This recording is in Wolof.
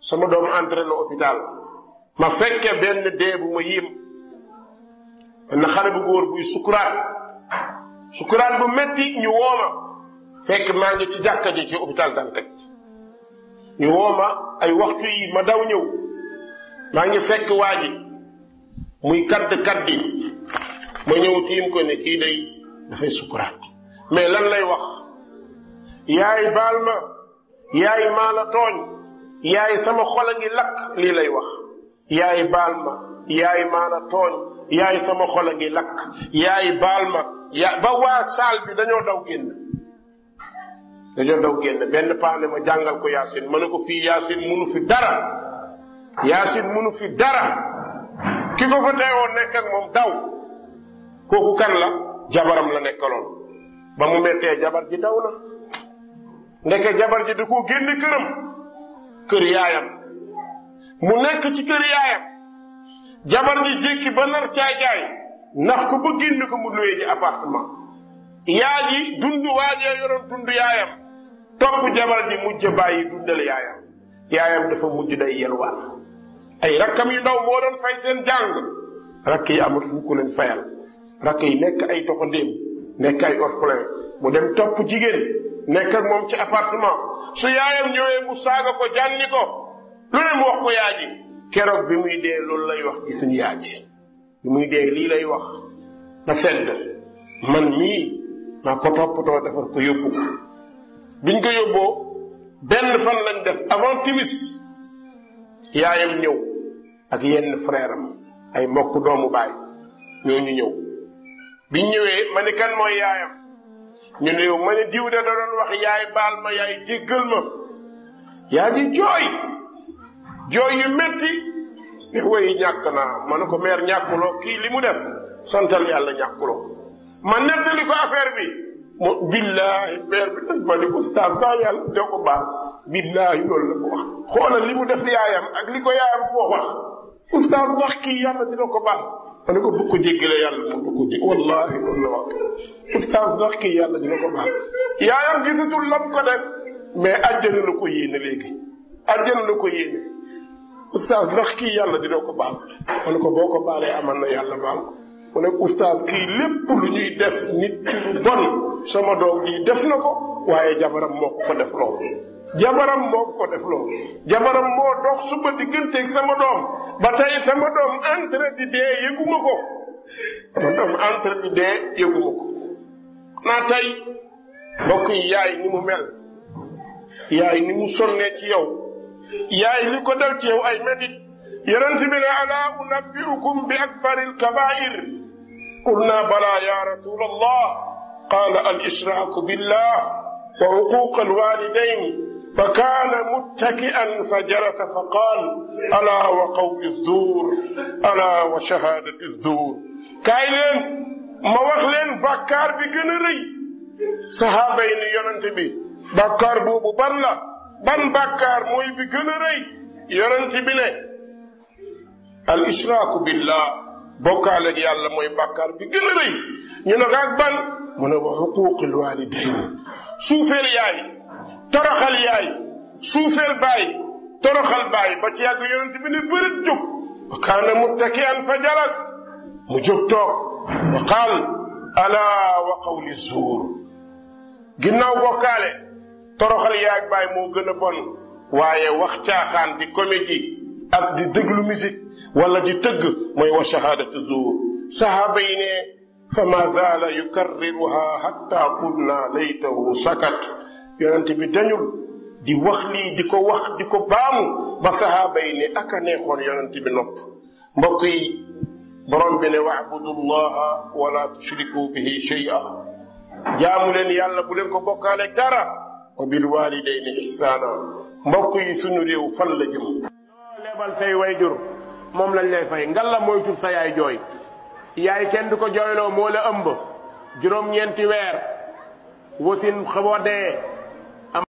sama doom entré na hôpital ma fekke benn dee bu ma yiim benn xale bu góor buy sukuraat sukuraat bu metti ñu wooma fekk maa ngi ci jàkka ji ci hôpital Dantec ñu wooma ay waxtu yi ma daw ñëw maa ngi fekk waa muy kadd kaddi ma ñëw tiim ko ne kii day dafay sukuraat mais lan lay wax yaay baal ma yaay maa la tooñ yaay sama xol lakk lii lay wax yaay baal ma yaay maana tooñ yaay sama xol ngi lakk yaay baal ma ba waa saal bi dañoo daw génn dañoo daw génn benn paane ma jàngal ko yaasin ma ne ko fii yaasin munu fi dara yaasin munu fi dara ki ko fa teewoon nekk moom daw kooku kan la jabaram la nekkaloon ba mu mettee jabar ji daw na ndeke jabar ji da génne këram kër yaayam mu nekk ci kër yaayam jabar ji jékki ba nar caa jaay ndax ko ba génn mu luwee ji appartement yaa ji dund waajee yoroon dund yaayam topp jabar ji mujj bàyyi dundal yaayam yaayam dafa mujj day yelwaan ay rakkam yu ndaw moo doon fay seen jàng rakk yi amatuñu ku leen fayal rakk yi nekk ay doxandéem nekk ay orphelin mu dem topp jigéen nekk ak moom ci appartement su yaayam ñëwee mu saaga ko jànni ko lu ne mu wax ko yaaji keroog bi muy dee loolu lay wax ci suñu yaaji bi lii lay wax ba sedd man mii maa ko toppatoo defar ko benn fan lañ def avant timis yaayam ñëw ak yenn frère am ay mbokk doomu baay ñooñu ñëw biñ ñëwee ma ni kan mooy yaayam ñu néew ma ne diw de da doon wax yaay baal ma yaay jéggal ma yaa ngi jooy jooy yu métti ne woy ñàkk naa ma ne ko meer ñàkkuloo kii li mu def santal yàlla ñàkkuloo ma nettali ko affaire bi mu billaahi meer bi daj ma ni ko staff yàlla de ko baal billaahi loolu la ko wax xoolal li def yaayam ak li ko yaayam foo wax oustaz wax yàlla dina ko baal ma ne ko bu ko jéggale yàlla bu ko jég wallahi kon la wax oustaz sax kii yàlla dina ko baal yaayam gisatul lam ko def mais àjjana la ko yéene léegi àjjana la ko yéene oustaz ndax kii yàlla dina ko baal ma ne ko boo ko baalee amal na yàlla baal ko mu ne oustaz kii lépp lu ñuy def nit ci lu bon sama doom ji def na ko waaye jabaram moo ko ko def loolu jabaram moo ko dox suba digganteeg sama doom ba tey sama doom entre di dee yëguma ko sama doom entre di dee yëguma ko naa tey mbokk yi yaay ni mu mel yaay ni mu sonnee ci yow yaay li ko dal ci yow ay métit yonent bi ne ala unabbiukum bi akbaril kabair qulna bala ya rasul allah al ishraaku billah wa uquqa al walidain fa kaana muttaki'an fa jalasa fa qaal alaa wa qawli zuur alaa wa shahaadati zuur kaay leen ma wax leen bàkkaar bi gën a rëy sahaaba yi ni yonente bi bàkkaar boobu ban la ban bàkkaar mooy bi gën a rëy yonente bi ne al ishraaku billah bokkaale ak yàlla mooy bàkkaar bi gën a rëy ñu ne ko ak ban mu ne wa xuquuqil waalidayn suufeel yaay toroxal yaay suufeel baay toroxal baay ba ci yàgg yonent bi ne bërit jóg wa kaana muttakian fa jalas mu jóg toog wa qaal ala wa qawli zuur ginnaaw bokkaale toroxal yaay baay moo gën a bon waaye wax caaxaan di comédie ak di déglu musique wala di tëgg mooy wa shahaadatu zuur sahaaba yi ne fa ma zaala yukarriruha hatta qulna laytahu sakat yonente bi dañul di wax lii di ko wax di ko baamu ba sahaaba yi ne aka neexoon yonente bi nopp mbokk yi borom bi ne waabudu llaha wala tushriku bihi shay'a jaamu leen yàlla bu leen ko bokkaale dara wa bil walidayni ihsana mbokk yi suñu réew fan la jëm lebal say wayjur moom lañ lay fay ngal la moytu sa yaay jooy yaay kenn du ko jooyloo moo ëmb juróom-ñeenti weer wasin xaboo